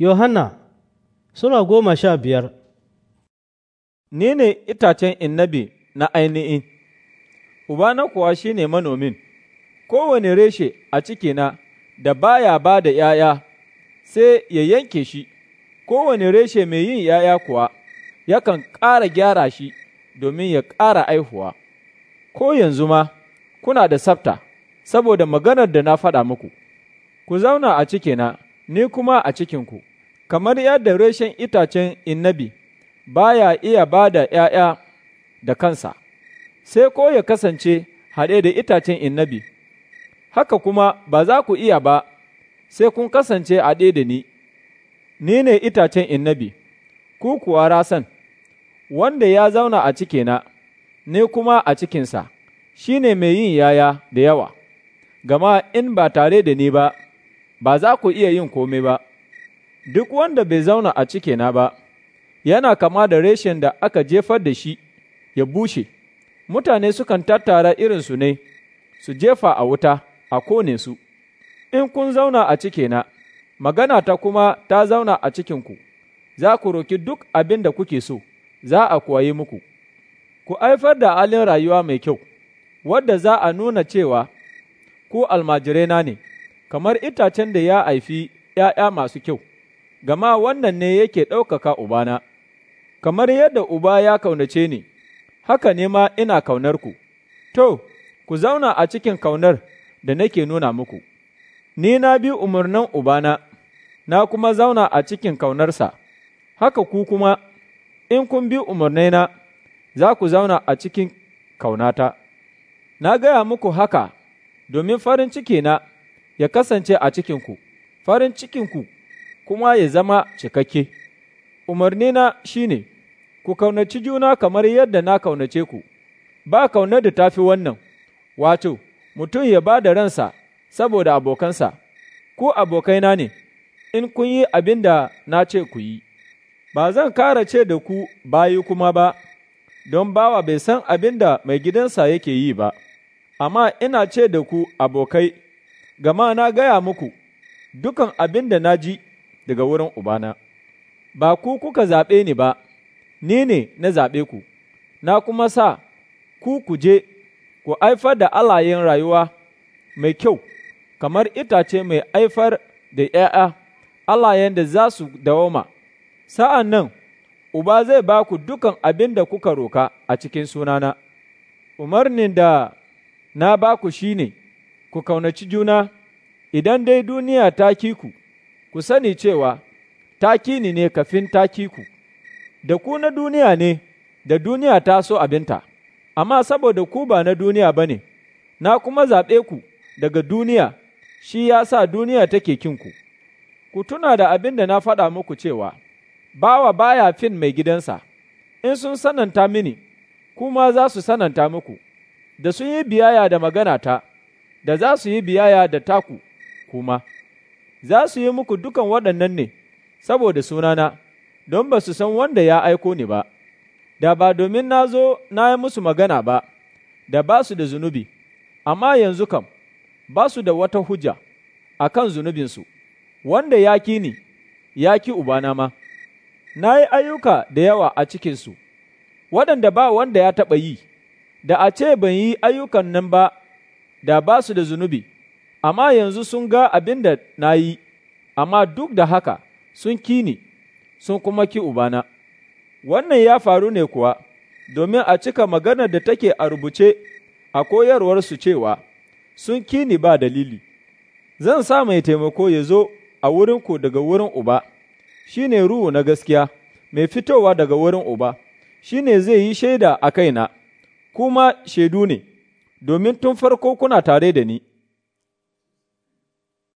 Yohanna suna goma sha biyar Ni ne itacen innabi na uba na kuwa shi ne manomin, kowane reshe a cikina da baya ba da ’ya'ya sai ya yanke shi, kowane reshe mai yin ’ya'ya kuwa yakan ƙara gyara shi domin ya ƙara aihuwa. Ko yanzu ma, kuna da sabta, saboda maganar da na faɗa muku, ku zauna a cikina, ni kuma a cikinku. kamar yadda reshen itacen inabi ba ya iya ba da ’ya'ya da kansa, sai ko ya kasance haɗe da itacen inabi, haka kuma ba za ku iya ba, sai kun kasance haɗe da ni, ni ne itacen inabi, ku kuwa rasan, wanda ya zauna a cikina, ne kuma a cikinsa, shi ne mai yin yaya da yawa, gama in ba tare da ni ba, ba za ku iya yin komai ba. duk wanda bai zauna a cikina ba, yana kama da reshen da aka jefar da shi ya bushe, mutane sukan tattara irinsu ne, su jefa a wuta, a kone su, in kun zauna a cikina, magana ta kuma ta zauna a cikinku, za ku roki duk abin da kuke so, za a kuwa muku. Ku aifar da halin rayuwa mai kyau, wadda za a nuna cewa ku almajirena ne, kamar itacen da ya haifi ’ya'ya masu kyau. gama wannan ne yake ɗaukaka Ubana, kamar yadda Uba ya kaunace ni, haka ne ma ina kaunarku, to, ku zauna a cikin kaunar da nake nuna muku, ni na bi umarnan Ubana, na kuma zauna a cikin kaunarsa, haka ku kuma, in kun bi umarnaina, za ku zauna a cikin kaunata. Na gaya muku haka domin farin cikina ya kasance a cikinku, farin cikinku. kuma ya zama cikakke. Umarnina shi ne, ku kaunaci juna kamar yadda na kaunace ku, ba kaunar da tafi wannan, wato, mutum ya ba da ransa saboda abokansa, ku abokaina ne, in kun yi abin da na ce ku yi, ba zan kara ce da ku bayi kuma ba, don bawa bai san abin da mai gidansa yake yi ba, amma ina ce da ku abokai, gama na gaya muku, dukan abin da na ji. daga wurin Ubana, ba ku kuka zaɓe ni ba, ni ne na zaɓe ku, na kuma sa ku ku je ku aifar da alayen rayuwa mai kyau, kamar itace mai aifar da ’ya'ya, alayen da za su dawoma, sa'an nan Uba zai ba ku dukan abin da kuka roka a cikin sunana, umarnin da na ba ku shi ne, ku kaunaci juna, idan dai duniya ta ki ku. ku sani cewa taki ni ne kafin taki ku, da ku na duniya ne, da duniya ta so abinta, amma saboda ku ba na duniya ba ne, na kuma zaɓe ku daga duniya, shi ya sa duniya take kinku. Ku tuna da abin da na faɗa muku cewa, bawa baya fin mai gidansa, in sun sananta mini, kuma za su sananta muku, da sun yi biyaya da maganata, da za su yi biyaya da taku, kuma. za su yi muku dukan waɗannan ne saboda sunana, don ba su san wanda ya aiko ni ba, da ba domin na zo na yi musu magana ba, da ba su da zunubi, amma yanzu kam ba su da wata hujja a kan zunubinsu, wanda ya ki ni, ya ki Ubana ma, na yi ayyuka da yawa a cikinsu, waɗanda ba wanda ya taɓa yi, da a ce ban yi ayyukan nan ba, da ba su da zunubi. amma yanzu sun ga abin da na yi, amma duk da haka sun kini, sun kuma ki ubana. Wannan ya faru ne kuwa, domin a cika maganar da take a rubuce a koyarwarsu cewa, sun kini ba dalili. Zan sa mai taimako ya zo a wurinku daga wurin uba, shi ne ruhu na gaskiya, mai fitowa daga wurin uba, shi ne zai yi shaida a kaina, kuma shaidu ne, domin tun farko kuna tare da ni.